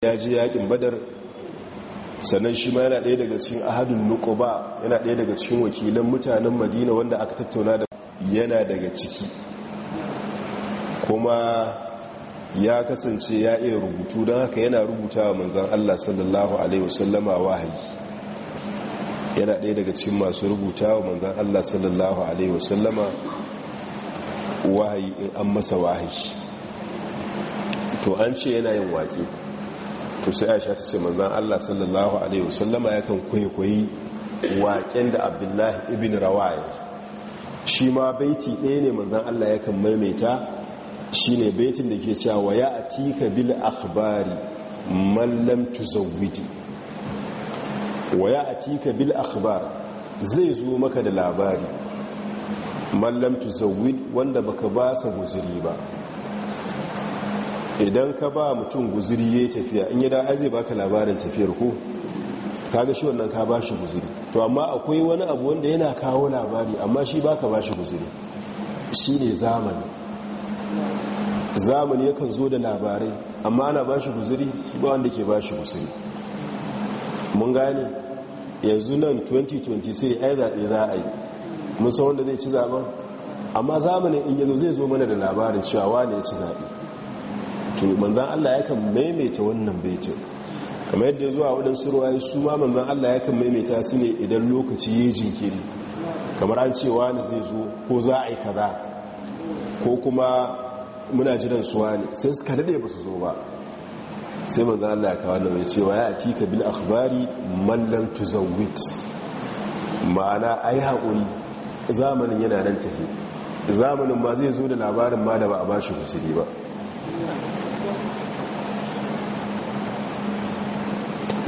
ya ji yakin badar sannan shi ma yana ɗaya daga cikin ahadun nukoba yana ɗaya daga cikin wakilan mutanen madina wanda aka tattauna da yana daga ciki kuma ya kasance ya iya rubutu don haka yana rubuta wa manzan allah sallallahu alaihi wasallama wahayi yana ɗaya daga cikin masu rubuta wa manzan allah sallallahu alaihi wasallama wahayi in an masa wahayi to an ce yana yin waƙe to sai aisha ta ce manzan allah sallallahu alaihi wasallama ya kan kwaikwayi waƙen da abdullahi ibn rawaye shi ma baiti ɗaya ne manzan allah ya kan maimaita shi ne baitin da ke cewa ya a tika bil akhbari mallam zawidi wa ya a tika bil akhbar zai zo maka da labari mallam Tu Zawid, wanda baka ba sa guziri ba idan ka ba mutum guziri ya tafiya in yada aze ba ka labarin tafiyar ko kaga shi wannan ka bashi guziri to amma akwai wani abu wanda yana kawo labari amma shi ba baka bashi guziri ne zamani zamani yakan zo da labarai amma ana bashi guziri shi ba wanda ke bashi guziri mun gane yanzu nan 2020 sai ai zaɓe za a yi musamman wanda zai ci zaɓen amma zamanin in yanzu zai zo mana da labarin cewa wane ya ci zaɓe to manzan Allah ya kan maimaita wannan baitin kamar yadda ya zuwa waɗansu ruwaye su ma manzan Allah ya kan maimaita su ne idan lokaci ya jinkiri kamar an cewa wani zai zo ko za a yi kaza ko kuma muna jiran suwa ne sai suka daɗe ba su zo ba sai manzan Allah ya kawo da mai cewa ya bin bil akhbari mallam tuzawwit ma'ana ai haƙuri zamanin yana nan tafi zamanin ma zai zo da labarin ma da ba a bashi kusuri ba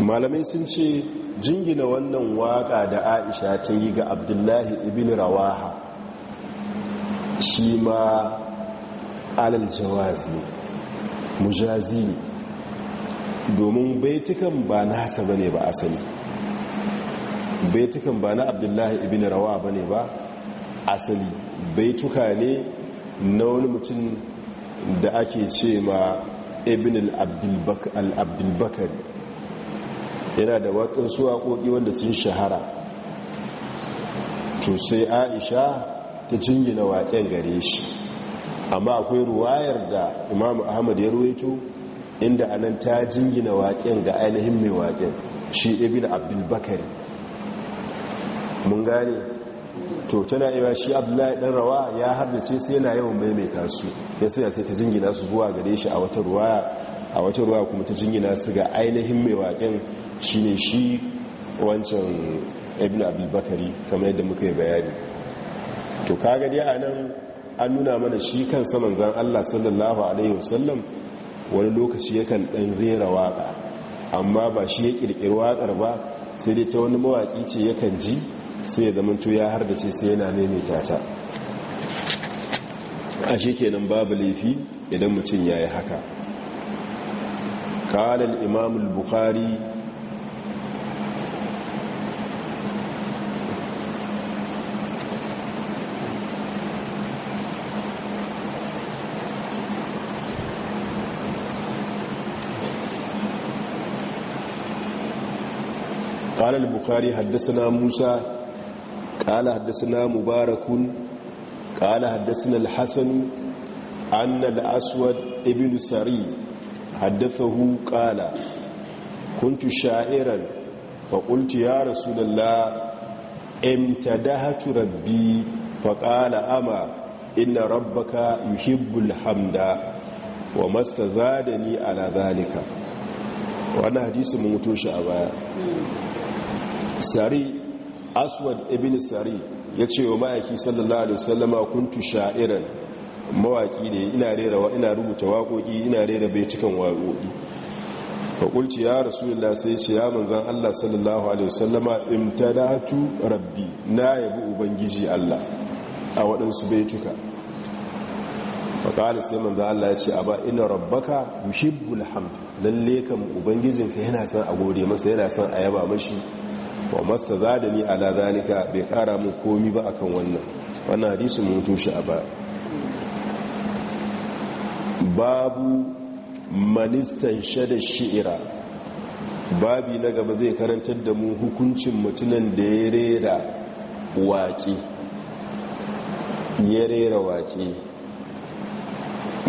malamai sun ce jingina wannan waka da aisha ta yi ga abdullahi ibn rawaha shi ma alal jawazi mujazi ne domin baitukan ba na hasa bane ba asali baitukan ba na abdullahi ibn rawaha bane ba asali baituka ne na wani mutum da ake ce ma ibn al-abdulbakari yana da waɗansu waƙoƙi wanda sun shahara to sai aisha ta jingina waƙen gare shi amma akwai ruwayar da imamu ahmad ya ruwaito inda anan ta jingina waƙen ga ainihin mai waƙen shi ibn abdulbakari mun gane to tana iya shi abdullahi dan rawa ya haddace sai yana yawan maimaita su ya sai ta jingina su zuwa gare shi a wata ruwaya a wata ruwa kuma ta jingina su ga ainihin mai waken shine shi wancan ibn abdulbakari kamar yadda muka yi bayani to kaga dai a nan an nuna mana shi kan saman zan allah sallallahu alaihi wasallam wani lokaci yakan ɗan rera waƙa amma ba shi ya ƙirƙiri waƙar ba sai dai ta wani mawaƙi ce yakan ji sai ya zamanto ya har da ce sai yana maimaita ta a kenan babu laifi idan mutum ya yi haka قال الإمام البخاري قال البخاري حدثنا موسى قال حدثنا مبارك قال حدثنا الحسن أن الأسود ابن سري haddathahu qala kuntu sha'iran fa qultu ya rasulullah imtadahatu rabbi fa qala ama inna rabbaka yuhibbul hamda wa mastazadani ala zalika wannan hadisi mun mutu shi a baya sari aswad ibn sari ya ce wa ma'aiki sallallahu alaihi wasallama kuntu sha'iran mawaki ne ina rera wa ina rubuta waƙoƙi ina rera bai cikin waƙoƙi fakulci ya rasu rasulullah lasai shi ya manzan allah sallallahu alaihi wasallama imtadatu rabbi na yabi ubangiji allah a waɗansu bai cika sai manzan allah ya ce a ba ina rabbaka yuhibbul hamd lalle ubangijin ka yana son a gode masa yana son a yaba mashi wa masta ni ala zalika bai ƙara mu komi ba akan wannan wannan hadisi mun shi a baya babu manistan shada shi'ira babi na gaba zai karantar da mu hukuncin mutunan da ya rera waƙe ya rera waƙe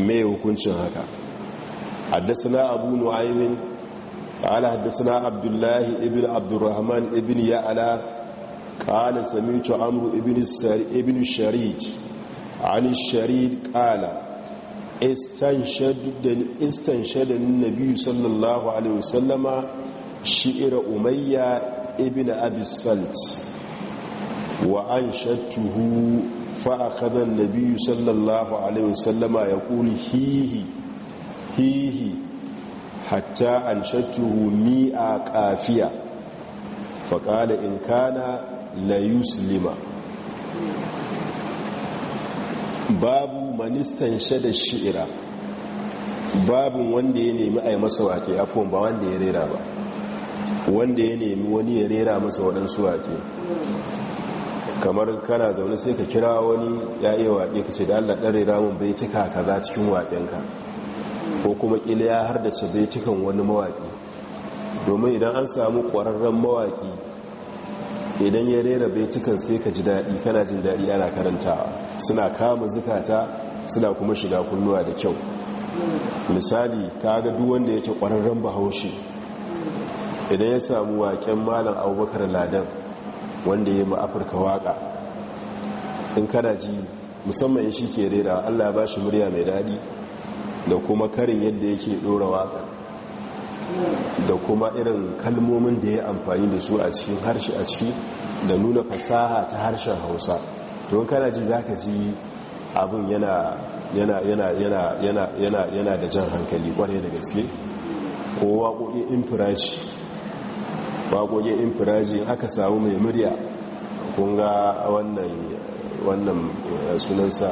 mai hukuncin haka haddasa abu ala قال حدثنا na Abdullahi, Ibn عبد Ibn Ya'ala, ƙala قال سمعت عمرو ابن الشريج عن الشريد قال istanshadin nabi sallallahu alaihi wasallama shi'ira umayya ibn abisalt wa an shattuhu fa'akadan nabi sallallahu alaihi wasallama ya kuli hihi hihi hatta an shattuhu a kafiya faƙada in kana la yuslima babu manistan shada shi'ira babin wanda ya nemi a yi masa wake afon ba wanda ya rera ba wanda ya nemi wani ya rera masa waɗansu wake kamar kana zaune sai ka kira wani ya iya waƙe ka ce da allah ɗan rera mun bai cika kaza cikin waƙenka ko kuma ƙila ya har da ce bai cikan wani mawaƙi domin idan an samu ƙwararren mawaƙi idan ya rera bai cikan sai ka ji daɗi kana jin daɗi ana karantawa suna kama zukata suna kuma shiga kunnuwa da kyau misali ka ga duk wanda yake kwararren bahaushe idan ya samu waken malam abubakar ladan wanda ya yi afirka waka. in kada ji musamman shi ke rera allah ba shi murya mai daɗi da kuma karin yadda yake ɗora waka. da kuma irin kalmomin da ya amfani da su a cikin harshe a ciki da nuna fasaha ta harshen hausa don kana ji za ka ji abin yana da jan hankali kwarai da gaske ko firaji. infiraji in infiraji aka samu mai murya kunga wannan eh, sunansa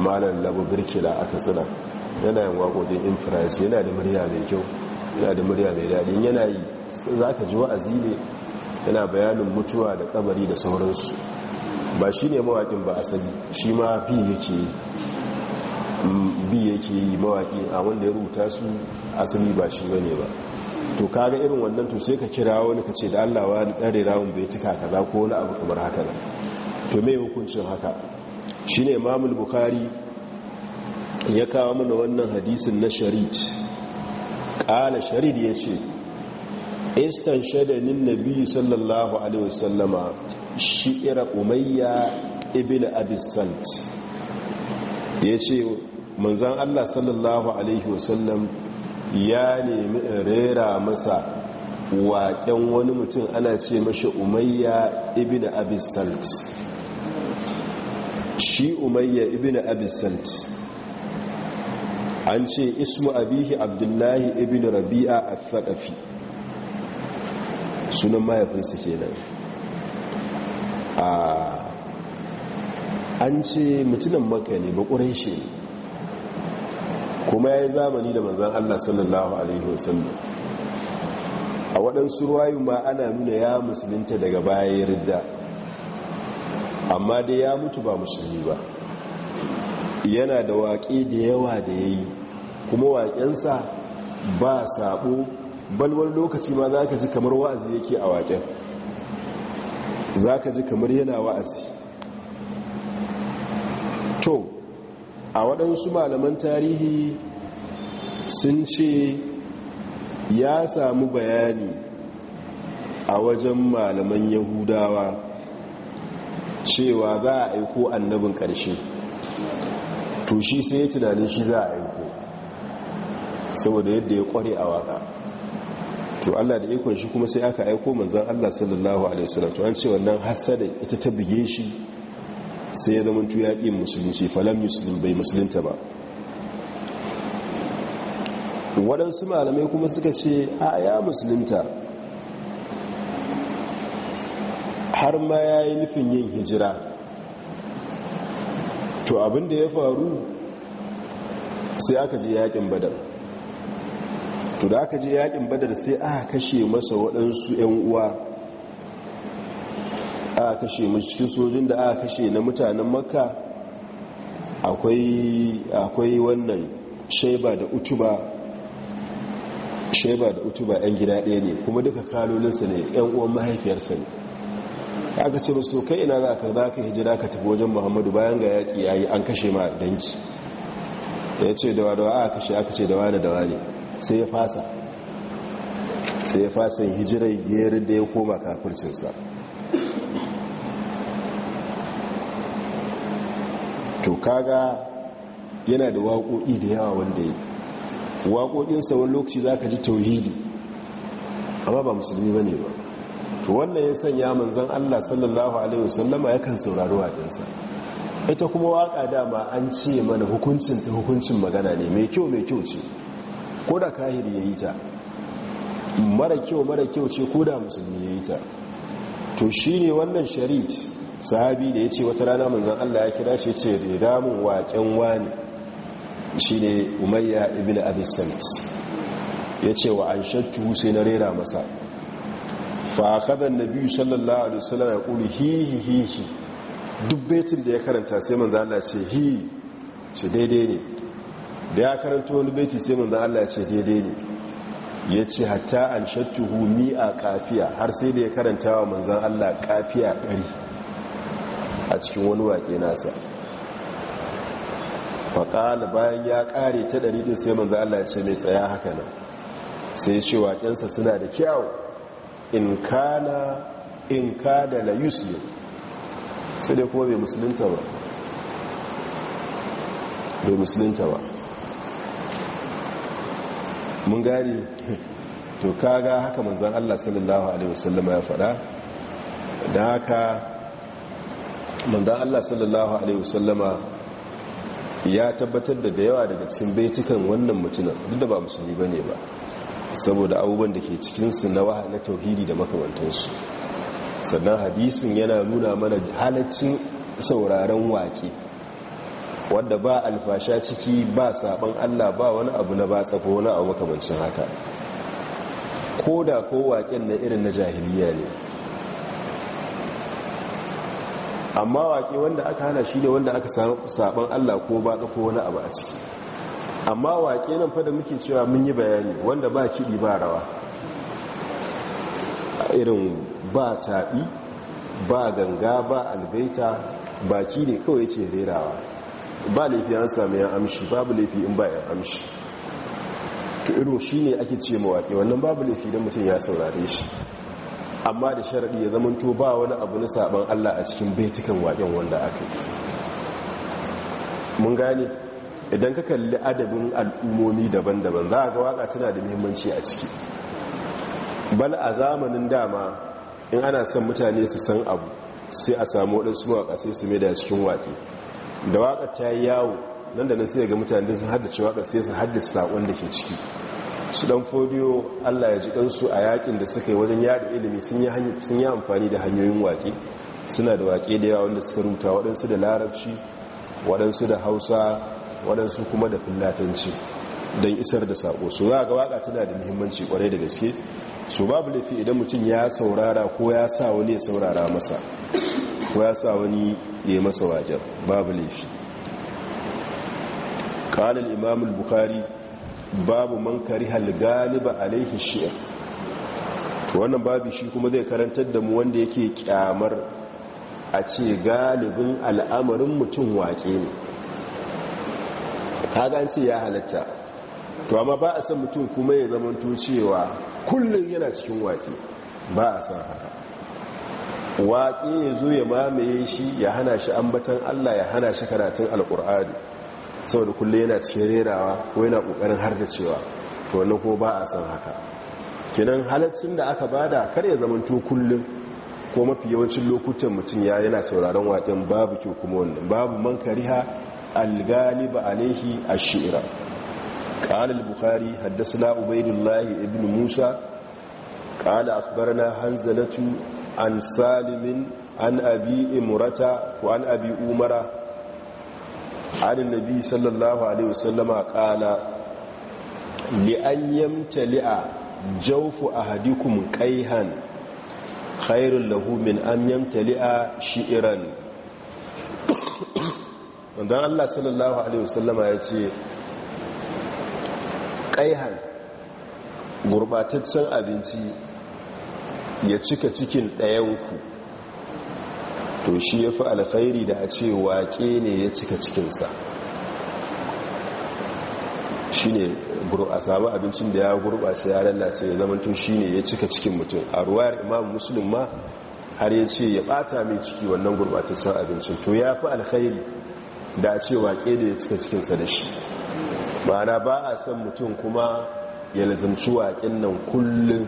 malar labu birkila aka tsina yana yin waƙoƙin infiraji yana da murya mai kyau yana da murya mai daɗi yana yi za ka ji wa'azi ne yana bayanin mutuwa da kabari da sauransu ba shi ne mawaƙin ba asali shi ma bi yake bi mm, yake yi mawaƙi a wanda ya rubuta su asali ba shi ba ne ba to kaga irin wannan to sai ka kira wani ka ce da allah wani ɗare rawun bai cika kaza ko wani abu kamar haka nan to mai hukuncin haka shi ne mamul Bukhari ya kawo mana wannan hadisin na sharid ƙala sharid ya ce istan shadanin nabi sallallahu alaihi wasallama shi'ira umayya ibn abisalt ya ce manzan allah sallallahu alaihi wasallam ya nemi in rera masa waƙen wani mutum ana ce mashi umayya ibn abisalt shi umayya ibn abisalt an ce ismu abihi abdullahi ibn rabi'a a thaqafi sunan mahaifinsa nan. an ce mutunan maka ne bakurai shi ne kuma ya yi zamani da manzan allah sallallahu alaihi wasallam a waɗansu ruwayu ma ana nuna ya musulunta daga baya ya amma dai ya mutu ba musulmi ba yana da waƙe da yawa da ya yi kuma waƙensa ba saɓo balwar lokaci ma za ka ji kamar wa'azi yake a waƙen za ka ji kamar yana wa'azi to a waɗansu malaman tarihi sun ce ya samu bayani a wajen malaman yahudawa cewa za a aiko annabin ƙarshe to shi sai ya tunanin shi za a aiko saboda yadda ya ƙware a waƙa to Allah da ikon shi kuma sai aka aiko manzon Allah sallallahu alaihi wasallam to an ce wannan hasada ita ta bige shi sai ya zama tu yaƙin musulunci falam musulun bai musulunta ba waɗansu malamai kuma suka ce a ya musulunta har ma ya yi nufin yin hijira to abinda ya faru sai aka ji yaƙin badar to da aka je yakin badar sai aka kashe masa waɗansu 'yan uwa aka kashe masu cikin sojin da aka kashe na mutanen makka akwai wannan shaiba da utuba shaiba da utuba 'yan gida ɗaya ne kuma duka kalolinsa ne 'yan uwan mahaifiyarsa ne aka ce musu kai ina za ka za ka hijira ka tafi wajen muhammadu bayan ga yaƙi yi an kashe ma danki ya ce da wa aka kashe aka ce da wani da ne. sai ya fasa sai ya fasa hijirai gerin da ya koma kafircinsa to kaga yana da waƙoƙi da yawa wanda ya waƙoƙinsa wani lokaci za ka ji tauhidi amma ba musulmi ba ne ba to wannan ya sanya manzan allah sallallahu alaihi wasallama yakan saurari waƙinsa ita kuma waƙa dama an ce mana hukuncin ta hukuncin magana ne mai kyau mai kyau ce ko da kahir ya yi ta mara kyau mara kyau ce ko da musulmi ya yi ta to shi ne wannan sharit sahabi da ya ce wata rana zan Allah ya kira ce ce rera mun waƙen wani shi ne umayya ibn abisant ya ce wa an shattu sai na rera masa fa na biyu sallallahu alaihi wasallam ya hi, hihi hihi duk betin da ya karanta sai manzan Allah ce hi ce daidai ne da ya karanta wani baiti sai manzan Allah ya ce daidai ne ya ce hatta an shattuhu ni a kafiya har sai da ya karanta wa manzan Allah kafiya ɗari a cikin wani wake nasa faƙala bayan ya ƙare ta ɗari ɗin sai manzan Allah ya ce mai tsaya haka nan sai ce waƙensa suna da kyawu in na in ka da la yusuf sai dai kuma bai musulunta ba musulunta ba mun gani to kaga haka manzan Allah sallallahu alaihi wasallama ya faɗa da haka manzan Allah sallallahu alaihi wasallama ya tabbatar da yawa daga cikin baitukan wannan mutumin duk da ba musulmi ne ba saboda abubuwan da ke cikinsu na waha na tauhidi da makamantansu sannan hadisin yana nuna mana halaccin sauraron waƙe wanda ba alfasha ciki ba sabon Allah ba wani abu na ba tsako wani abu makamancin haka ko da ko waƙen na irin na jahiliya ne amma waƙe wanda aka hana shi ne wanda aka sabon Allah ko ba tsako wani abu a ciki amma waƙe nan fa da muke cewa mun yi bayani wanda ba kiɗi ba rawa irin ba taɓi ba ganga ba algaita baki ne kawai ke rerawa ba laifi an sami ya amshi babu laifi in ba yan amshi to irin shi ne ake ce mawaƙi wannan babu laifi don mutum ya saurare shi amma da sharaɗi ya zama to ba wani abu na saɓan allah a cikin baitukan waƙen wanda aka yi mun gane idan ka kalli adabin al'ummomi daban-daban za a ga waƙa tana da muhimmanci a ciki bal a zamanin dama in ana son mutane su san abu sai a samu waɗansu mawaƙa sai su mai da cikin waƙe da waƙar ta yi yawo nan da na sai ga mutane sun haddace waƙar sai su haddace saƙon da ke ciki su dan fodiyo allah ya ji ɗansu a yaƙin da suka yi wajen yada ilimi sun yi amfani da hanyoyin waƙe suna da waƙe da yawa wanda suka rubuta waɗansu da larabci waɗansu da hausa waɗansu kuma da filatanci don isar da saƙo su za ga waƙa tana da muhimmanci ƙwarai da gaske su babu laifi idan mutum ya saurara ko ya sa wani ya saurara masa ko ya sa wani ya masa wajen babu laifi قال imamul البخاري babu mankari كره a laifin shi'ar to wannan babu shi kuma zai karantar da mu wanda yake kyamar a ce galibin al'amarin mutum waƙe ne ta gance ya halatta to amma ba a san mutum kuma ya zamanto cewa kullum yana cikin waƙe ba a san haka waƙi ya zo ya mamaye shi ya hana shi ambatan allah ya hana shi karatun alƙur'ani saboda kulle yana cikin rerawa ko yana ƙoƙarin har da cewa, to wani ko ba a san haka kinan halaccin da aka bada kar ya zamanto kullum ko mafi yawancin lokutan mutum ya yana sauraron waƙen babu ke kuma wannan babu man kariha algaliba alaihi ashira shira البخاري حدثنا عبيد الله musa موسى akbar na hanzalatu an salimin an abi imurata ko an abi umara an nabi sallallahu alaihi wasallama kana li an yamtali'a jawfu ahadikum qayhan khairul lahu min an yamtali'a shi'ran dan Allah sallallahu alaihi wasallama yace qayhan gurbataccen abinci ya cika cikin ɗayanku to shi ya fi alkhairi da a ce waƙe ne ya cika cikinsa shi ne a sami abincin da ya gurɓace ya lalace ya tun shi ne ya cika cikin mutum a ruwayar imam musulun ma har ya ce ya ɓata mai ciki wannan gurɓataccen abincin to ya fi alkhairi da a ce waƙe da ya cika cikinsa da shi ma'ana ba a san mutum kuma ya lazimci waƙen nan kullum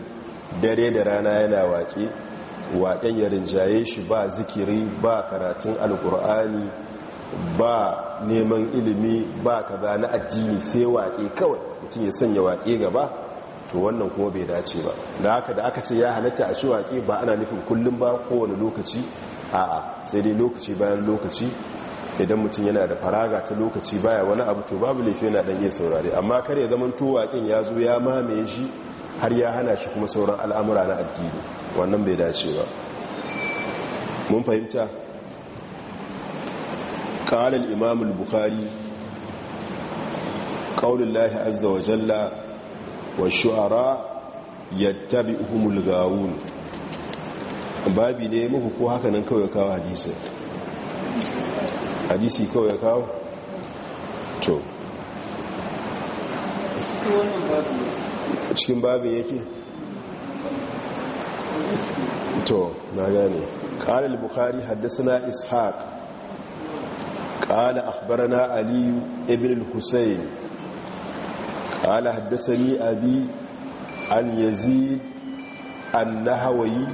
dare da rana yana waƙe waƙen ya rinjaye shi ba zikiri ba karatun alkur'ani ba neman ilimi ba kaza na addini sai waƙe kawai mutum ya sanya waƙe gaba to wannan kuma bai dace ba da haka da aka ce ya halatta a ci waƙe ba ana nufin kullum ba kowane lokaci a'a sai dai lokaci bayan lokaci idan mutum yana da faraga ta lokaci baya wani abu to babu laifi yana dan iya saurari amma kar ya zaman to waƙen ya zo ya mamaye shi har ya hana shi kuma sauran al'amura na addini wannan bai dace ba mun fahimta ƙalar imamul bukari ƙaunin lahi azza wa jalla wa shu'ara tabi uhumul gawun babi ne muku ko haka nan kawai kawo hadisi hadisi kawai kawo to cikin babin yake to na gane ƙalil Bukhari haddasa ishaq ƙala na aliyu ibn al-husayn ƙala haddasa ni abi al-yazid al-nahawayi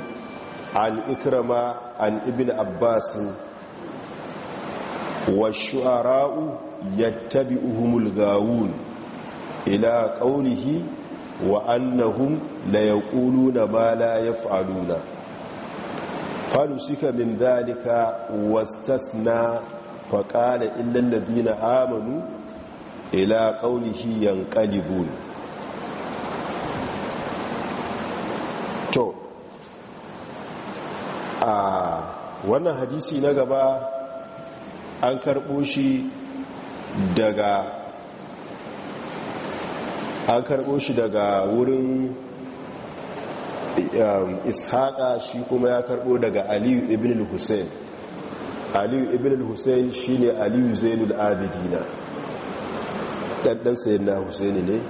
al-ikrama al-ibn abbas wa shu'ara'u yattabi'uhumul gawun ila ƙaunihi wa annahum la yaquluna ma la yaf'aluna suka min wastas na fa qala illa alladhina amanu ila qawlihi yanqalibun to a wannan hadisi na gaba an karɓo shi daga an karbo shi daga wurin um, ishaqa shi kuma ya karbo daga aliyu ibn al-hussein aliyu ibn al-hussein ne aliyu zainul abidina ɗanɗan sayin na Hussein ne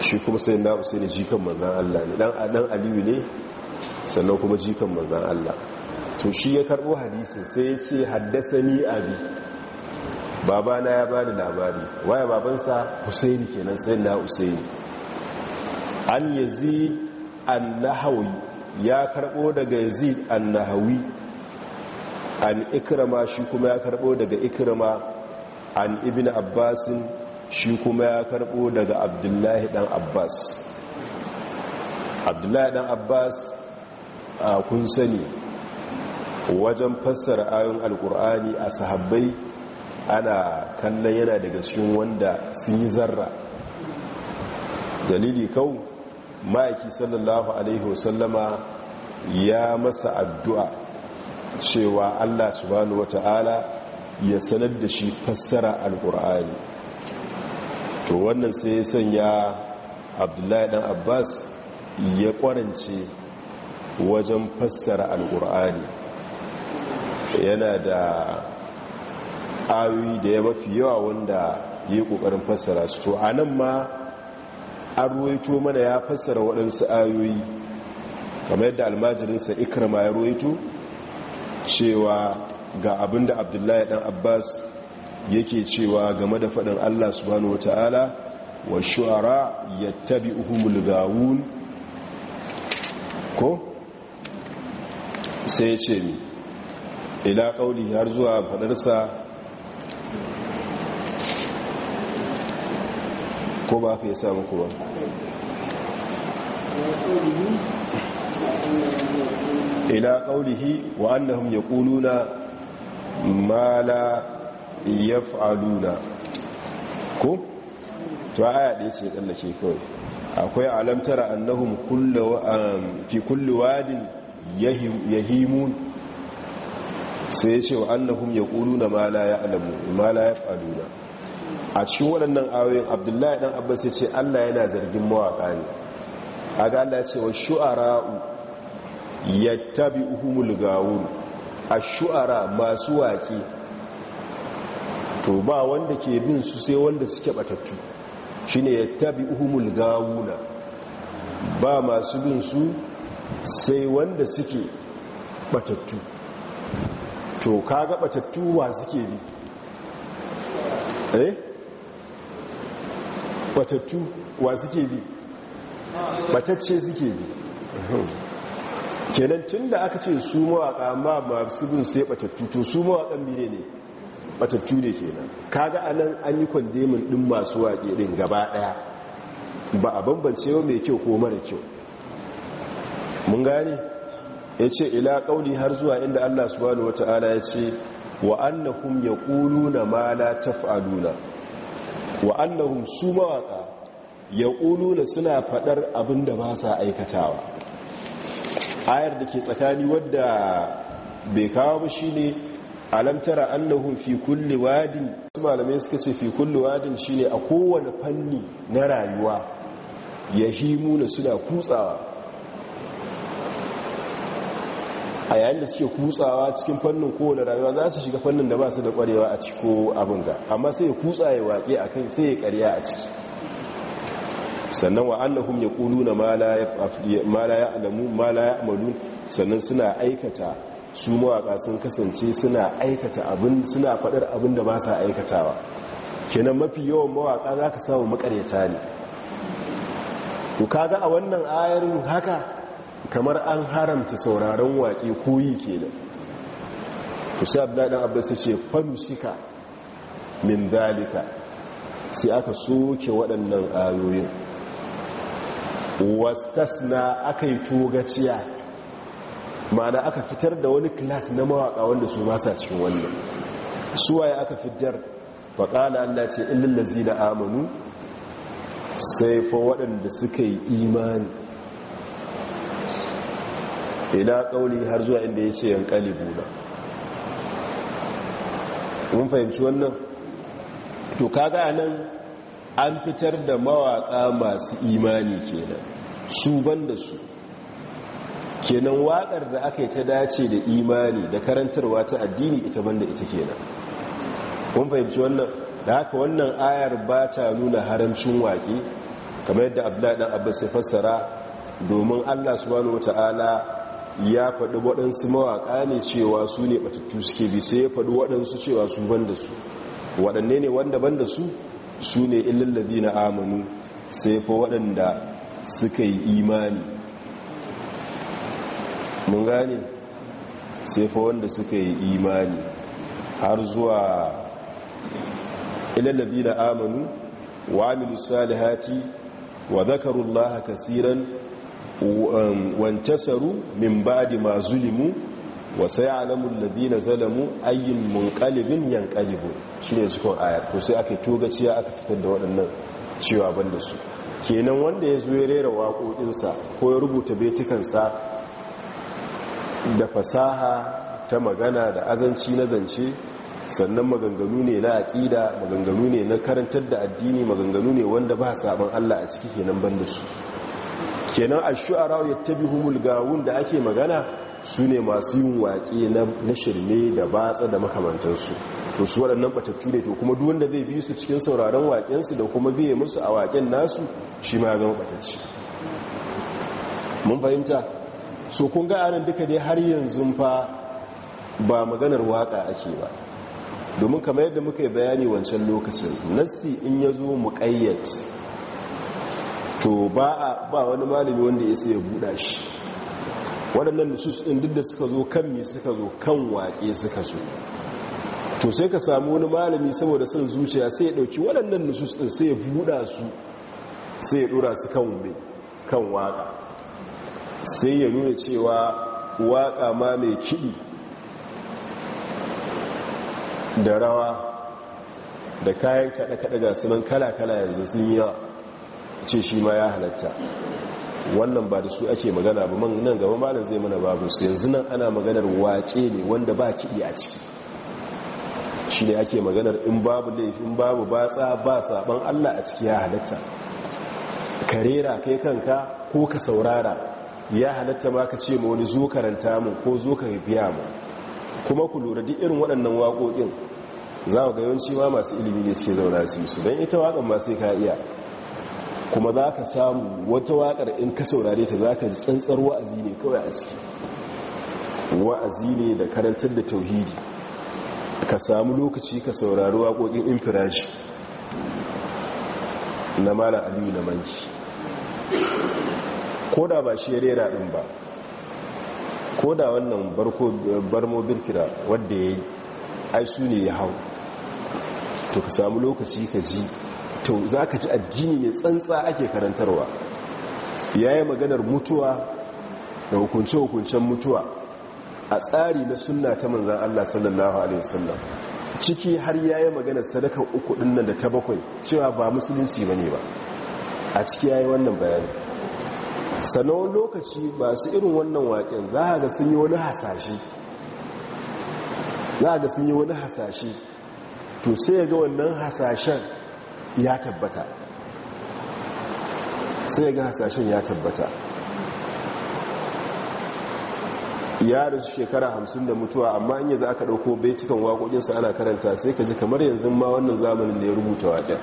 shi kuma sayin na ne jikan manzan allah ne ɗan aliyu ne sannan kuma jikan manzan allah to shi ya karbo hadisun sai ya ce haddasa ni abi babana ya bani labari waya babansa husaini kenan sai na husaini an yazi annahawi ya karbo daga yazid annahawi an ikrama shi kuma ya karbo daga ikrama an ibnu abbasin shi kuma ya karbo daga abdullahi dan abbas abdullahi dan abbas a kun sani wajen fassara ayon alkur'ani a sahabbai ana kallon yana daga cikin wanda sun yi zarra dalili kau ma'aiki sallallahu alaihi wasallama ya masa addu'a cewa allah subhanahu wata'ala ya sanar da shi fassara alkur'ani to wannan sai ya sanya abdullahi dan abbas ya kwarance wajen fassara alkur'ani yana da ayoyi da ya mafi yawa wanda ya yi ƙoƙarin fassara su to a nan ma an ruwaito mana ya fassara waɗansu ayoyi kamar yadda almajirinsa ikrama ya ruwaito cewa ga abinda abdullahi ɗan abbas yake cewa game da faɗin allah subhanahu wa ta'ala wa shu'ara ya tabi uhumul gawun ko sai ce ila ƙauli har zuwa faɗarsa ko ba ka yi sa muku ba ila qaulihi wa annahum yaquluna ma la yaf'aluna ko to aya da yace tsallake kawai akwai alamtara annahum kullu um, fi kulli wadin yahimun sai ya ce wa annahum yaquluna ma la ya'lamu ma la na a cikin waɗannan ayoyin abdullahi ɗan abbas ya ce Allah yana zargin mawaƙa ne ga Allah ya ce wa shu'ara'u uhumul gawun a shuara masu waƙi to ba wanda ke bin su sai wanda suke batattu shine uhumul gawuna ba masu bin su sai wanda suke batattu to ka ga batattu wa suke bi eh batattu wa suke bi batacce suke bi kenan tun da aka ce su mawaƙa amma masu bin sai batattu to su mawaƙan bire ne batattu ne kenan kaga anan an yi kwandemin ɗin masu waƙe ɗin gaba ɗaya ba a bambance mai kyau ko mara kyau mun gane ya ce ila ƙauli har zuwa inda allah subhanahu wata'ala ya ce wa annahum ya na ma la taf'aluna wa annahum su mawaƙa ya ƙulu na suna faɗar abin da ba sa aikatawa ayar da ke tsakani wadda bai kawo ba shi ne alamtara annahum fi kulle wadin su malamai suka ce fi kulle wadin shi ne a kowane fanni na rayuwa ya himu na suna kutsawa a yayin da suke kutsawa cikin fannin kowane rayuwa za su shiga fannin da ba su da kwarewa a ciko abin ga amma sai ya kutsa ya waƙe a kai sai ya karya a ciki sannan wa annahum yaquluna ma la ma la ya'lamu ma la sannan suna aikata su mawaka sun kasance suna aikata abin suna fadar abin da ba sa aikatawa kenan mafi yawan mawaka zaka samu makareta ne to kaga a wannan ayar haka kamar an haramta sauraron waƙe koyi kenan to sai abdadan abbas ya ce fanusika min dalika sai aka soke waɗannan ayoyin wastasna aka yi togaciya ma'ana aka fitar da wani klas na mawaƙa wanda su masa cikin wannan suwaye aka fitar faƙala allah ce illin lazi da amanu sai fa waɗanda suka yi imani ila kauli har zuwa inda ya ce yankali buda mun fahimci wannan to kaga nan an fitar da mawaka masu imani kenan su banda su kenan wakar da aka yi ta dace da imani da karantarwa ta addini ita banda ita kenan mun fahimci wannan da haka wannan ayar ba ta nuna haramcin waƙi kamar yadda abdullahi dan abbas ya fassara domin Allah subhanahu wata'ala ya faɗi waɗansu mawaƙa ne cewa su ne ɓatattu suke bi sai ya faɗi waɗansu cewa su ban da su waɗanne ne wanda ban da su su ne illallabi na amanu sai fa waɗanda suka yi imani mun gane sai fa wanda suka yi imani har zuwa illallabi na amanu wa amilu salihati wa laha kasiran Um, wantasaru min ba'di ma zulimu wa sayalamu na zalamu yan kalibu shi ne cikin ayar to sai aka togaciya aka fitar da waɗannan cewa ban da su kenan wanda ya zo ya rera waƙoƙinsa ko ya rubuta betikansa da fasaha ta magana da azanci na zance sannan maganganu ne na aƙida maganganu ne na karantar da addini maganganu ne wanda ba saban Allah a ciki kenan ban da su kenan a shuara humul gawun da ake magana su ne masu yin waƙe na shirme da batsa da makamantansu to su waɗannan batattu ne to kuma wanda zai bi su cikin sauraron waƙensu da kuma biye musu a waƙen nasu shi ma zama batacci mun fahimta so kun ga anan duka dai har yanzu fa ba maganar waƙa ake ba domin kamar yadda muka yi bayani wancan lokacin nassi in ya zo muƙayyat to ba ba wani malami wanda ya sai ya buɗa shi waɗannan nusus ɗin duk da suka zo kan mi suka zo kan waƙe suka zo to sai ka samu wani malami saboda son zuciya sai ya ɗauki waɗannan nusus ɗin sai ya buɗa su sai ya ɗora su kan wuri kan waƙa sai ya nuna cewa waƙa ma mai kiɗi da rawa da kayan kaɗe-kaɗe ga sunan kala-kala yanzu sun yi yawa ce shi ma ya halatta wannan ba da su ake magana ba man nan gaba malam zai mana babu su yanzu nan ana maganar waƙe ne wanda ba kiɗi a ciki shi ne ake maganar in babu laifin babu batsa ba saban allah a ciki ya halatta karera kai kanka ko ka saurara ya halatta ma ka ce ma wani zo karanta mu ko zo ka biya mu kuma ku lura duk irin waɗannan waƙoƙin za ga yawanci ma masu ilimi ne suke zauna su su don ita waƙan ma sai ka iya kuma za ka samu wata waƙar in ka saurare ta za ka ji tsantsar wa'azi ne kawai a ciki wa'azi ne da karantar da tauhidi ka samu lokaci ka saurari waƙoƙin infiraji na mara aliyu na manki ko da ba shi ya rera ɗin ba ko da wannan barmo kira wadda ya yi ai su ne ya hau to ka samu lokaci ka ji to za ka ci addini ne tsantsa ake karantarwa ya yi maganar mutuwa da hukunce-hukuncen mutuwa a tsari na sunna ta manzan Allah sallallahu Alaihi wasallam ciki har ya yi maganar sadaka uku dinnan da ta bakwai cewa ba musulunci ba ne ba a ciki ya yi wannan bayani sanawar lokaci masu irin wannan waƙen za a ga sun yi wani hasashe za a ga sun yi wani hasashe to sai ga wannan hasashen ya tabbata sai ga hasashen ya tabbata ya su shekara hamsin da mutuwa amma in yanzu aka ɗauko bai cikin su ana karanta sai ka ji kamar yanzu ma wannan zamanin da ya rubuta waƙen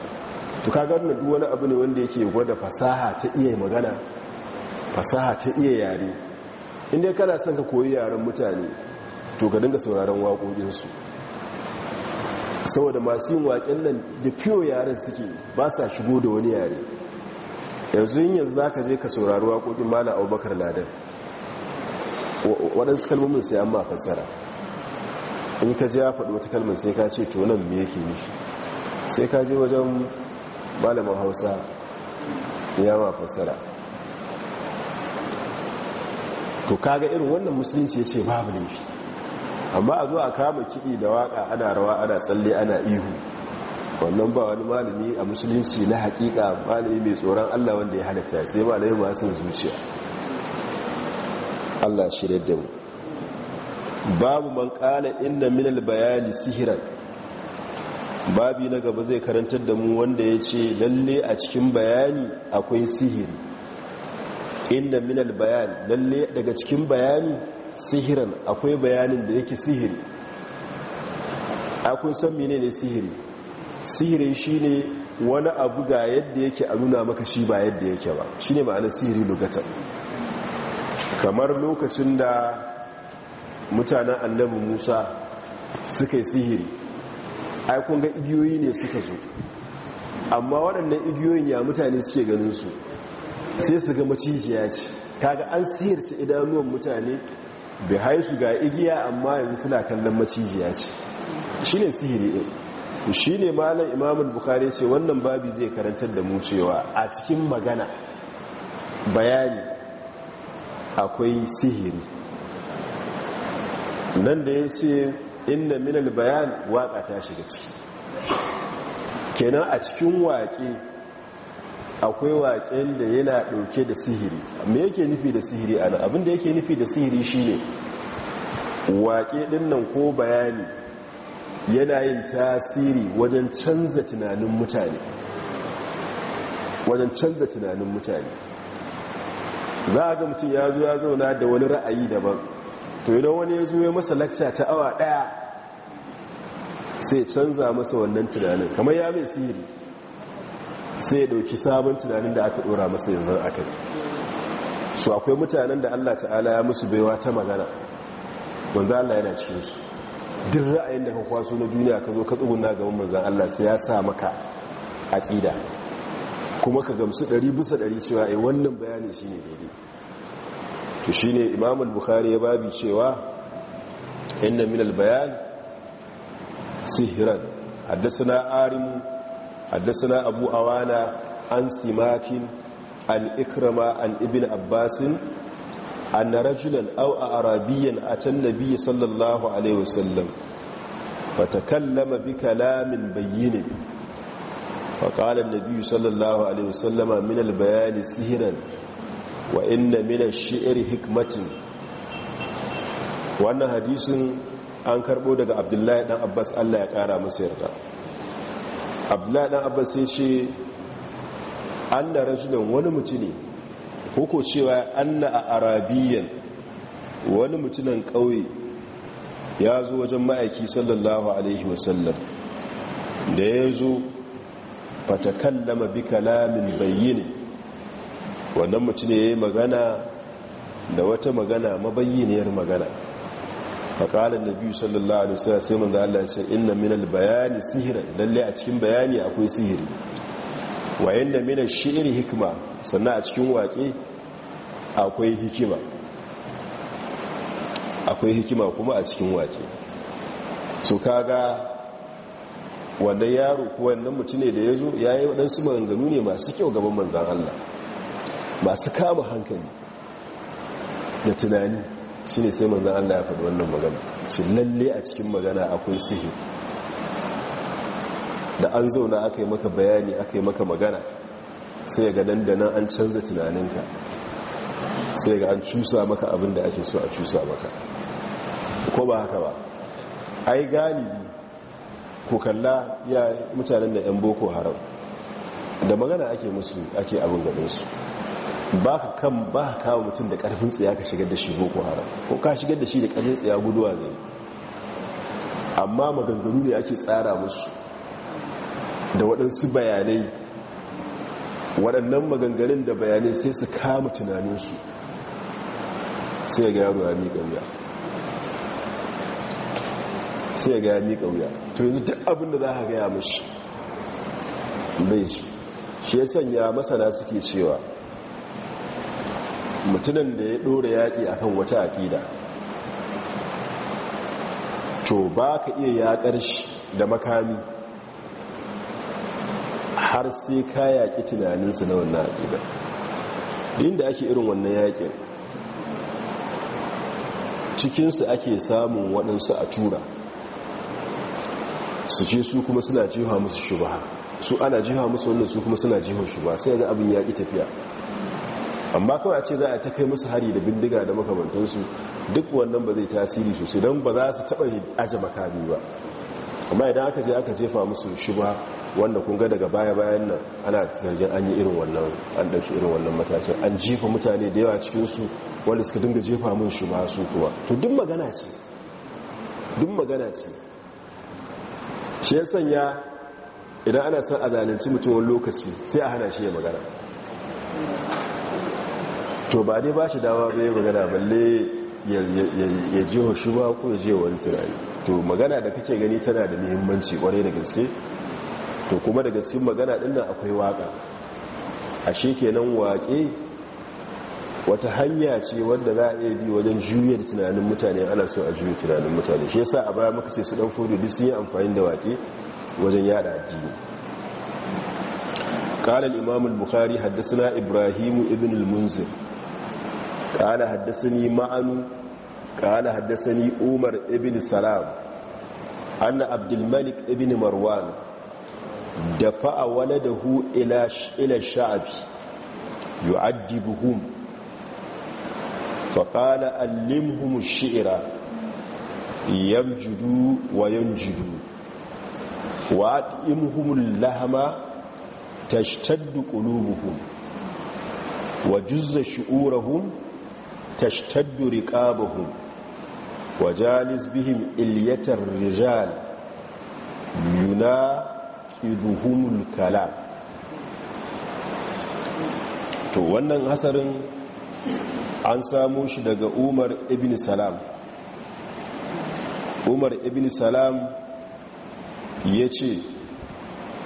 to ka gano duk wani abu ne wanda yake gwada fasaha ta iya magana fasaha ta iya yare inda kana son ka koyi yaren mutane to ka dinga sauraron waƙoƙinsu saboda masu yin waƙen nan da fiyo yaren suke ba sa shigo da wani yare yanzu yin yanzu za ka je ka saurari waƙoƙin malam abubakar ladar waɗansu kalmomin sai an ma fassara in ka ji ya faɗi wata kalmar sai ka ce tonan me yake nishi sai ka je wajen malamin hausa ya ma fassara to kaga irin wannan musulunci ya ce babu laifi amma a zo a kama kiɗi da waƙa ana rawa ana tsalle ana ihu wannan ba wani malami a musulunci na haƙiƙa malami mai tsoron allah wanda ya halatta sai malami masu zuciya allah shirya da mu babu man ƙala inda minal bayani sihiran babi na gaba zai karantar da mu wanda ya ce lalle a cikin bayani akwai sihiri inda minal bayan lalle daga cikin bayani sihiran akwai bayanin da yake sihiri akwai san mene ne sihiri sihiri shi ne wani abu ga yadda yake a nuna maka shi ba yadda yake ba shi ne ma'anar sihiri lokacin kamar lokacin da mutanen annabi musa suka yi sihiri aikun ga igiyoyi ne suka zo amma waɗannan igiyoyin ya mutane suke ganin su sai su ga macijiya ce kaga an sihirce idanuwan mutane bai haisu ga igiya amma yanzu suna kallon macijiya ce shi ne sihiri ɗin shi ne malar imamun bukari ce wannan babi zai karantar da mu cewa a cikin magana bayani akwai sihiri nan da ya ce inda minal bayan waka ta shiga ciki kenan a cikin waƙe akwai waƙen da yana ɗauke da sihiri me yake nufi da sihiri ana abin da yake nufi da sihiri shine waƙe ɗin nan ko bayani yana yin tasiri wajen canza tunanin mutane wajen canza tunanin mutane za a ga mutum ya zo ya zauna da wani ra'ayi daban to idan wani ya zo ya masa lakca ta awa ɗaya sai canza masa wannan tunanin kamar ya mai sihiri sai ya dauki sabon tunanin da aka dora masa yanzu akai su akwai mutanen da Allah ta'ala ya musu baiwa ta magana wanda Allah yana cikin su duk ra'ayin da ka kwaso na duniya ka zo ka tsuguna gaban manzan Allah sai ya sa maka aƙida kuma ka gamsu ɗari bisa ɗari cewa a eh, wannan bayani shine daidai to shine Imam al-Bukhari ya babi cewa inda minal sihiran bayan sihran arin arim حدثنا ابو اوانا عن سماك عن ikrama عن ابن عباس ان رجلا او عربيا اتى النبي صلى الله عليه وسلم فتكلم بكلام بين فقال النبي صلى الله عليه وسلم من البيان سهرا وان من الشعر حكمه وان حديث an karbo daga abdullahi dan abbas allah ya kara masa yarda abdullahi dan abbas sai ce anna rajulan wani mutune ko cewa anna a arabiyan wani mutumin ƙauye ya zo wajen ma'aiki sallallahu alaihi wasallam da ya zo fatakallama bi kalamin bayyini wannan mutum ya yi magana da wata magana mabayyiniyar magana faƙalar da biyu sallallahu alaihi wasallam sai manzo Allah ya ce ina minal bayani sihirin lalle a cikin bayani akwai sihiri wa da minal shi'ri hikima sannan a cikin waƙe akwai hikima akwai hikima kuma a cikin waƙe ka kaga wanda yaro ko wannan mutum ne da ya zo ya yi waɗansu maganganu ne masu kyau gaban manzan Allah masu kama hankali da tunani shi ne sai manzan allah ya faɗi wannan magana shi lalle a cikin magana akwai sihi da an zauna aka yi maka bayani aka yi maka magana sai ga nan da nan an canza tunaninka sai ga an cusa maka abin da ake so a cusa maka ko ba haka ba ai galibi ko kalla ya mutanen da 'yan boko haram da magana ake musu ake abin gabinsu ba ka kan ba ka kawo mutum da karfin tsaya ka shigar da shi boko haram ko ka shigar da shi da karfin tsaya guduwa zai amma maganganu ne ake tsara musu da waɗansu bayanai waɗannan maganganun da bayanai sai su kama tunaninsu sai ga yaro ya miƙa wuya sai ga ya miƙa wuya to yanzu duk abin da za ka gaya mashi bai shi shi ya sanya masana suke cewa mutunan da ya ɗora yaƙi akan wata aƙida to ba ka iya yaƙar shi da makami har sai ka yaƙi tunaninsa na wannan aƙida inda ake irin wannan yaƙin cikinsu ake samun waɗansu a tura su ce su kuma suna jiha musu shubaha su ana jiha musu wannan su kuma suna jihar shubaha sai ga abin yaƙi tafiya amma kawai a ce za a ta kai musu hari da bindiga da makamantansu duk wannan ba zai tasiri sosai don ba za su taɓa aje makami ba amma idan aka je aka jefa musu shuba wanda kun ga daga baya-bayan nan ana zargin an yi irin wannan an ɗauki irin wannan matashin an jefa mutane da yawa cikinsu wanda suka dinga jefa mun shuba su kuwa to duk magana ce duk magana ce shi ya sanya idan ana son a zalunci mutum wani lokaci sai a hana shi ya magana to ba dai ba shi dawa bai magana balle ya ji wa shuba ko ya ji wani tunani to magana da kake gani tana da muhimmanci kwarai da gaske to kuma daga cikin magana din nan akwai waka ashe kenan wake wata hanya ce wanda za a iya bi wajen juya da tunanin mutane ana so a juya tunanin mutane shi yasa a baya muka ce su dan fudu duk sun yi amfani da waƙe wajen yada addini قال الإمام البخاري حدثنا إبراهيم ابن munzir. قال حدثني معن قال حدثني عمر ابن سلام أن عبد الملك ابن مروان دفع ولده إلى إلى الشعب يعذبهم فقال علمهم الشعر يمجدوا وينجدوا وأطعمهم اللهم تشتد قلوبهم وجز شعورهم tashtaddu riqabuhum wa jalis bihim ilyatar rijal yunaqiduhumul kala. to wannan hasarin an samu shi daga Umar ibn Salam Umar ibn Salam yace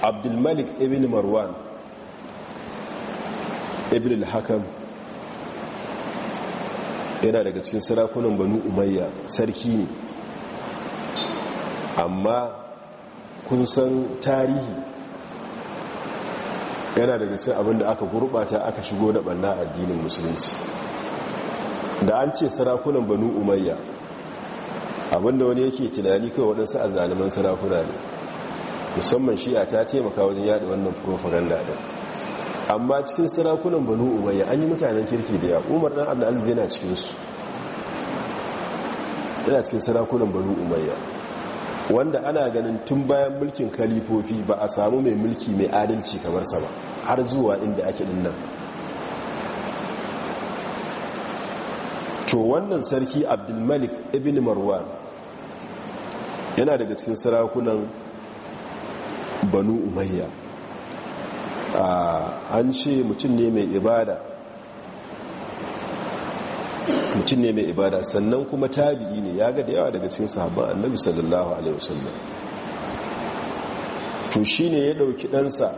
Abdul Malik ibn Marwan ibn al-Hakam yana daga cikin sarakunan banu umayya sarki ne amma kun san tarihi yana daga cikin abin da aka gurbata aka shigo da banna addinin musulunci da an ce sarakunan banu umayya abinda wani yake tunani kai waɗansu a zaluman sarakuna ne musamman shi a ta taimaka wajen yada wannan propaganda din amma cikin sarakunan banu ubayya an yi mutanen kirki da ya umar dan abdulaziz yana cikinsu yana cikin sarakunan banu ubayya wanda ana ganin tun bayan mulkin kalifofi ba a samu mai mulki mai adalci kamar sa ba har zuwa inda ake dinnan to wannan sarki abdulmalik ibn marwan yana daga cikin sarakunan banu umayya an ce mutum ne mai ibada mutum ne mai ibada sannan kuma tabi'i ne ya ga da yawa daga cikin sahabban annabi sallallahu alaihi wasallam to shine ya dauki ɗansa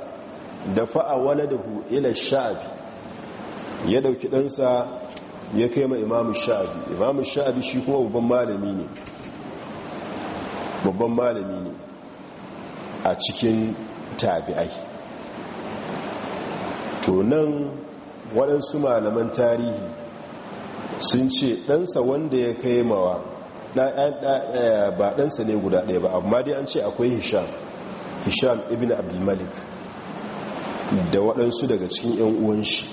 da fa'a waladahu ila sha'abi ya dauki ɗansa ya kai ma imamu sha'abi imamu sha'abi shi kuma babban malami ne babban malami ne a cikin tabi'ai to nan waɗansu malaman tarihi sun ce ɗansa wanda ya kai mawa ba ɗansa ne guda ɗaya ba amma dai an ce akwai hisham hisham ibn abdulmalik da waɗansu daga cikin 'yan uwan shi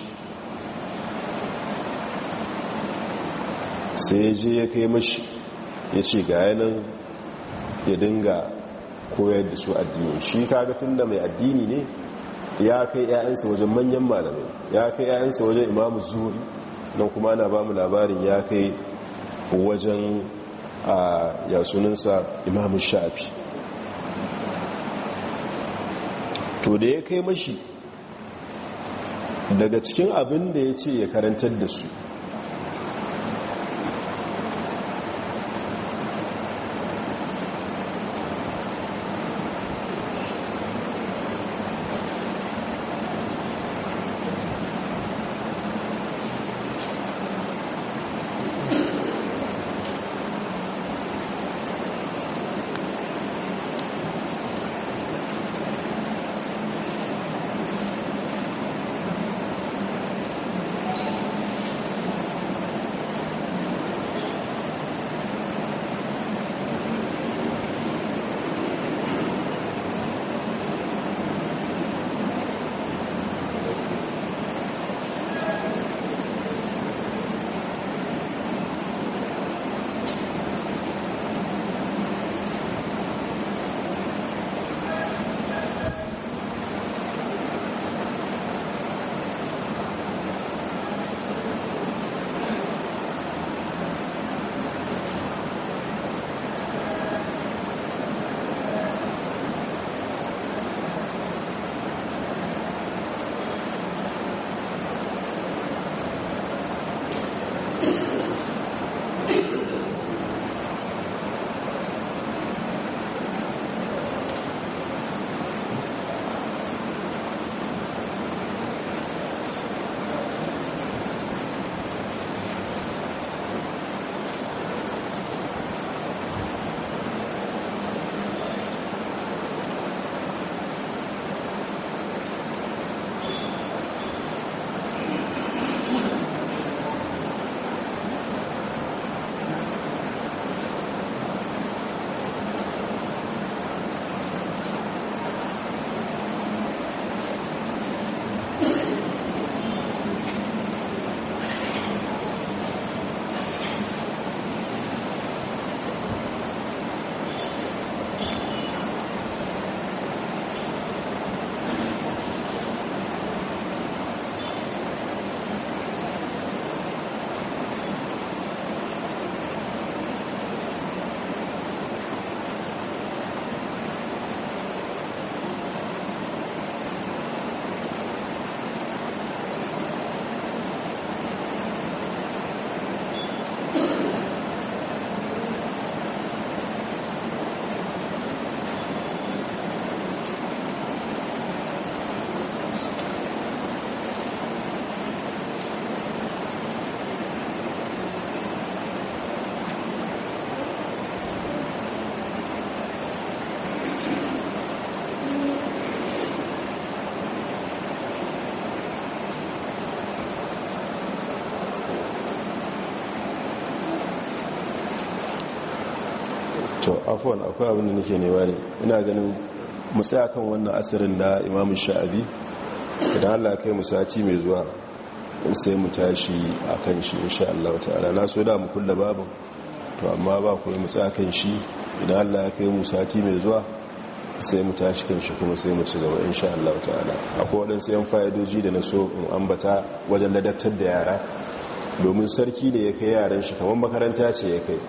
sai ya je ya kai mashi ya ce ga yanan ya dinga koyar da su addini shi kaga da mai addini ne ya kai 'ya'yansa wajen manyan malamai ya kai 'ya'yansa wajen imamu zuri don kuma na ba mu labarin ya kai wajen a yasunansa imamu shafi to da ya kai mashi daga cikin abin da ya ce ya karantar da su afon akwai abin da nake nema ne ina ganin musa kan wannan asirin da imamun sha'abi idan allah kai musaci mai zuwa in sai mu tashi a kan shi insha allah ala na so da mu kulla babu to amma ba ku yi musa kan shi idan allah kai musaci mai zuwa sai mu tashi kan shi kuma sai mu ci gaba insha allah ala akwai waɗansu yan fa'idoji da na so in ambata wajen ladabtar da yara domin sarki ne ya kai yaran shi kamar makaranta ce ya kai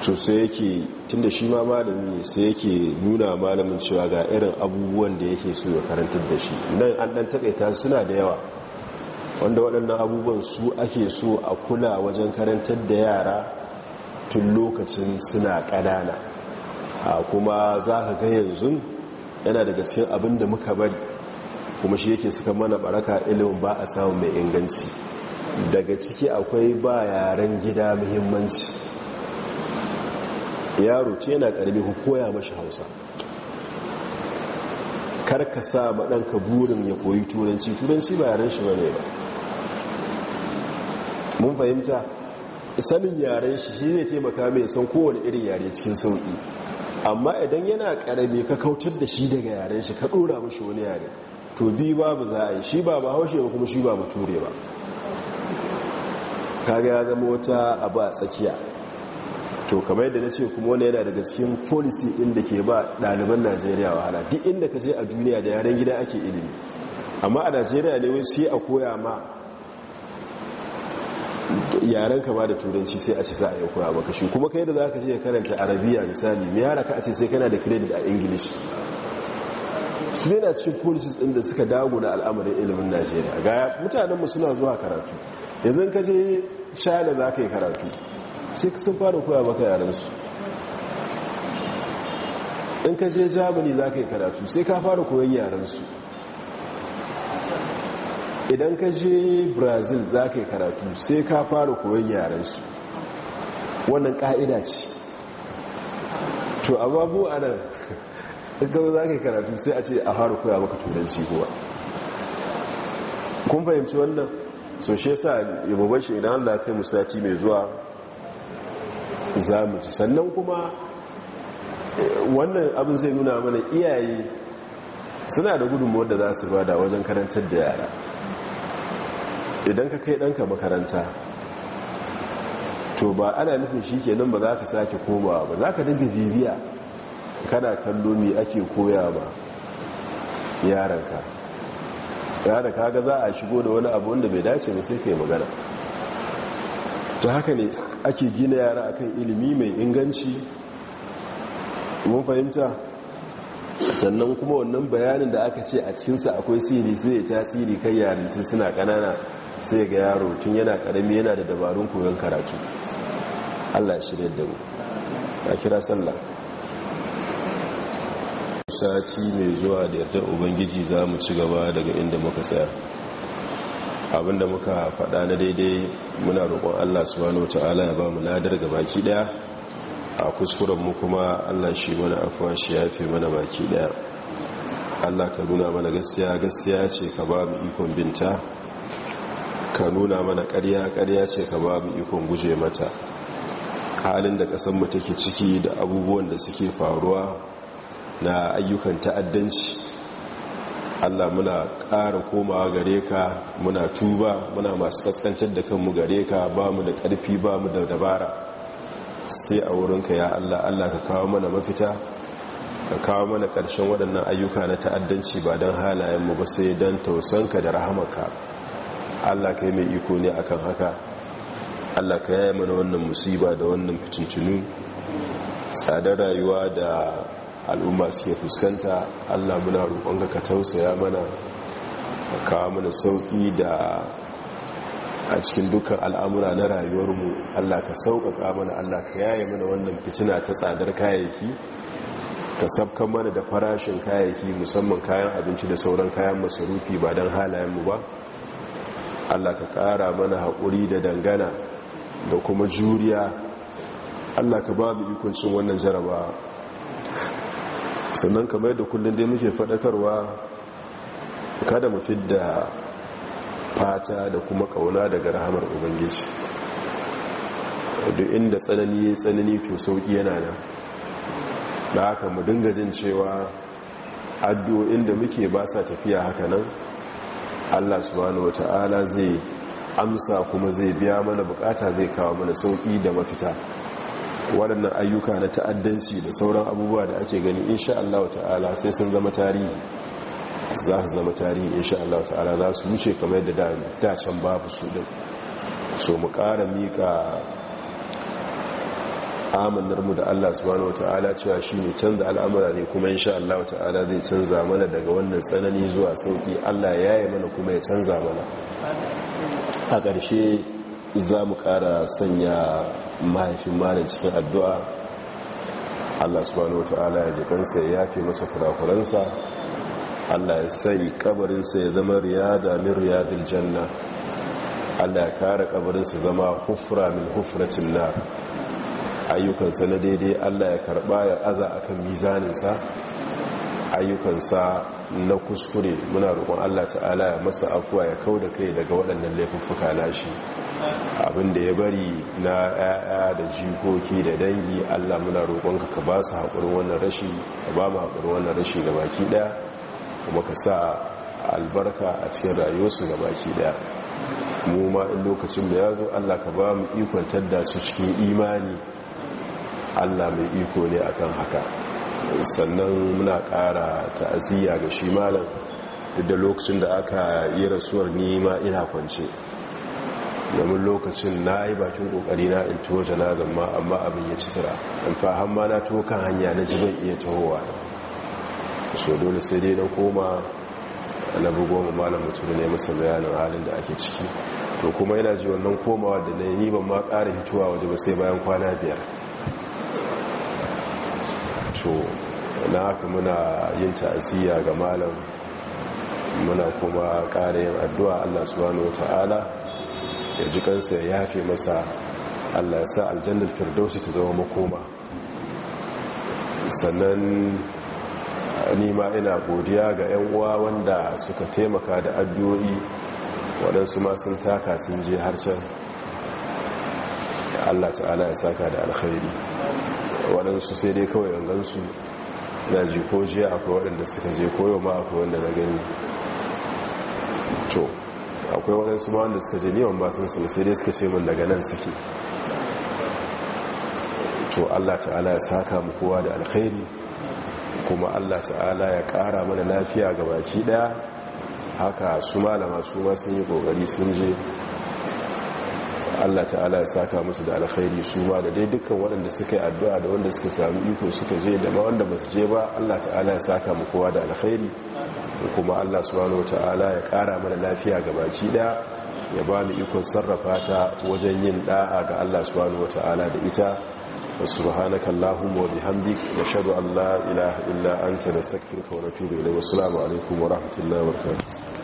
to sai yake tunda shi ma malami sai yake nuna malamin cewa ga irin abubuwan da yake so ya karantar da shi nan an dan takaita suna da yawa wanda waɗannan abubuwan su ake so a kula wajen karantar da yara tun lokacin suna ƙanana a kuma za ka ga yanzu yana daga cikin abin da muka bari kuma shi yake suka mana baraka ilimin ba a samun mai inganci daga ciki akwai ba yaren gida muhimmanci yaro ce yana karbi ku koya mashi hausa ka sa maɗanka burin ya koyi turanci turanci ba yaren shi bane ba mun fahimta sanin yaren shi shi zai taimaka mai san kowane irin yare cikin sauƙi amma idan yana karami ka kautar da shi daga yaren shi ka ɗora mashi wani yare to bi babu za a yi shi ba ba haushe ba kuma shi ba ba ture ba kaga ya zama wata abu a tsakiya to kamar yadda na ce kuma wani yana daga cikin policy inda ke ba ɗaliban najeriya wahala duk inda ka je a duniya da yaren gida ake ilimi amma a najeriya ne wai sai a koya ma yaren kama da turanci sai a ci za a yi koya ba shi kuma kai da za ka je karanta arabiya misali mai yara ka a ce sai kana da credit a english su ne na cikin policies inda suka dago na al'amarin ilimin najeriya ga mutanenmu suna zuwa karatu yanzu ka je china za ka yi karatu sai sun fara koya maka su in ka je germany za ka yi karatu sai ka fara koyon su idan ka je brazil za ka yi karatu sai ka fara koyon su wannan ka'ida ce to amma mu a nan gaba za ka yi karatu sai a ce a fara koya maka turanci kuwa kun fahimci wannan so shi yasa yababar shi idan allaka yi musati mai zuwa za mu ci sannan kuma eh, wannan abin zai nuna mana iyaye suna da gudunmuwar da za su bada wajen karantar da yara idan ka kai ɗanka makaranta to ba ana nufin shi ke nan ba za ka sake komawa ba za ka dinga bibiya kana kallo mai ake koya ba yaranka Yara kaga za a shigo da wani abu wanda bai dace ba sai ka yi magana ta haka ne ake gina yara akan ilimi mai inganci mun fahimta sannan kuma wannan bayanin da aka ce a cikinsa akwai siri sai ya tasiri kai yarinta suna kanana sai ga yaro tun yana karami yana da dabarun koyon karatu allah ya shirya da mu a kira sallah sati mai zuwa da yardar ubangiji za mu ci gaba daga inda muka tsaya abinda muka faɗa na daidai muna roƙon allah subhanahu ta'ala ya ba mu ladar ga baki ɗaya a kuskuren mu kuma allah shi mana afuwa shi ya fi mana baki ɗaya allah ka nuna mana gaskiya gaskiya ce ka ba mu ikon binta ka nuna mana ƙarya ƙarya ce ka ba mu ikon guje mata halin da mu take ciki da abubuwan da suke faruwa na ayyukan ta'addanci allah muna ƙara komawa gare ka muna tuba muna masu kaskancin da kanmu gare ka ba mu da ƙarfi ba mu da dabara sai a wurinka ya allah allah ka kawo mana mafita ka kawo mana ƙarshen waɗannan ayyuka na ta'addanci ba don halayenmu ba sai don tausanka da rahamaka allah ka yi mai iko ne akan haka allah ka yaya mana wannan musiba da wannan fitincinu tsadar rayuwa da al'umma suke fuskanta allah muna roƙon ka tausaya mana kawo mana sauƙi da a cikin dukkan al'amura na rayuwarmu allah ka sauƙaƙa mana allah ka yaye mana wannan fitina ta tsadar kayayyaki ka sabkan mana da farashin kayayyaki musamman kayan abinci da sauran kayan masarufi ba don halayenmu ba allah ka ƙara mana haƙuri da dangana da kuma juriya allah ka ba mu cin wannan jarabawa. sannan kamar da kullum dai muke faɗakarwa kada mu fidda fata da kuma ƙauna daga rahamar ubangiji duk inda tsanani ya tsanani to sauki yana nan da haka mu dinga jin cewa addu'o'in da muke ba sa tafiya haka nan allah subhanahu wa ta'ala zai amsa kuma zai biya mana bukata zai kawo mana sauƙi da mafita waɗannan ayyuka na ta'addanci da sauran abubuwa da ake gani insha Allah ta'ala sai sun zama tarihi za su zama tarihi insha Allah ta'ala za su wuce kamar da dacen babu su din so mu ƙara mika amanarmu da Allah subhanahu ta'ala cewa shi ne canza al'amura ne kuma insha Allah ta'ala zai canza mana daga wannan tsanani zuwa sauƙi Allah ya yi mana kuma ya canza mana a ƙarshe za mu kara sanya mahaifin malin cikin addu'a allah subhanahu wa ta'ala ya jikansa ya yafe masa kurakuransa allah ya sai kabarinsa ya zama riyada min riyadil janna allah ya kara kabarinsa zama hufra min hufratin na ayyukansa na daidai allah ya karba ya aza akan mizaninsa ayyukansa na kuskure muna roƙon Allah ta'ala ya masa akuwa ya kau da kai daga waɗannan laifuffuka shi. abinda ya bari na ya'ya da jikoki da dangi Allah muna roƙonka ka ba su haƙurin wannan rashi ka ba mu haƙurin wannan rashi ga baki ɗaya kuma ka sa albarka a cikin rayuwarsu ga baki ɗaya mu ma in lokacin da ya zo Allah ka ba mu ikon tadda su cikin imani Allah mai iko ne akan haka sannan muna ƙara ta'aziyya ga shi malam duk da lokacin da aka yi rasuwar nima ina kwance domin lokacin na yi bakin kokari na in tuwo janazan ma amma abin ya ci tsira in fahim ma na to kan hanya na ji ban iya tahowa so dole sai dai na koma na bugo ma malam mutum ne masa bayanin halin da ake ciki to kuma yana ji wannan komawa da na yi ban ma kara hituwa waje ba sai bayan kwana biyar to na haka muna yin ta'aziyya ga malam muna kuma ƙara yin addu'a Allah subhanahu wata'ala ya ji kansa ya yafe masa Allah ya sa aljannar firdausi ta zama makoma sannan nima ina godiya ga 'yan uwa wanda suka taimaka da addu'o'i waɗansu ma sun taka sun je harshen Allah ta'ala ya saka da alkhairi waɗansu sai dai kawai gansu na ko jiya akwai waɗanda suka je koyo ma akwai wanda na gani to akwai waɗansu ma wanda suka je neman ba sun sun sai dai suka ce min daga nan suke to allah ta'ala ya saka mu kowa da alkhairi kuma allah ta'ala ya ƙara mana lafiya ga baki ɗaya haka su malama su ma sun yi ƙoƙari sun je Allah ta'ala ya saka musu da alkhairi su ba da dai dukkan waɗanda suka yi addu'a da wanda suka samu iko suka je da ba wanda basu je ba Allah ta'ala ya saka mu kowa da alkhairi kuma Allah subhanahu ta'ala ya ƙara mana lafiya ga baki da ya ba mu ikon sarrafa ta wajen yin da'a ga Allah subhanahu ta'ala da ita wa subhanaka allahumma wa bihamdik shadu an la ilaha illa anta nastaghfiruka wa natubu ilayk wa assalamu alaikum wa rahmatullahi wa barakatuh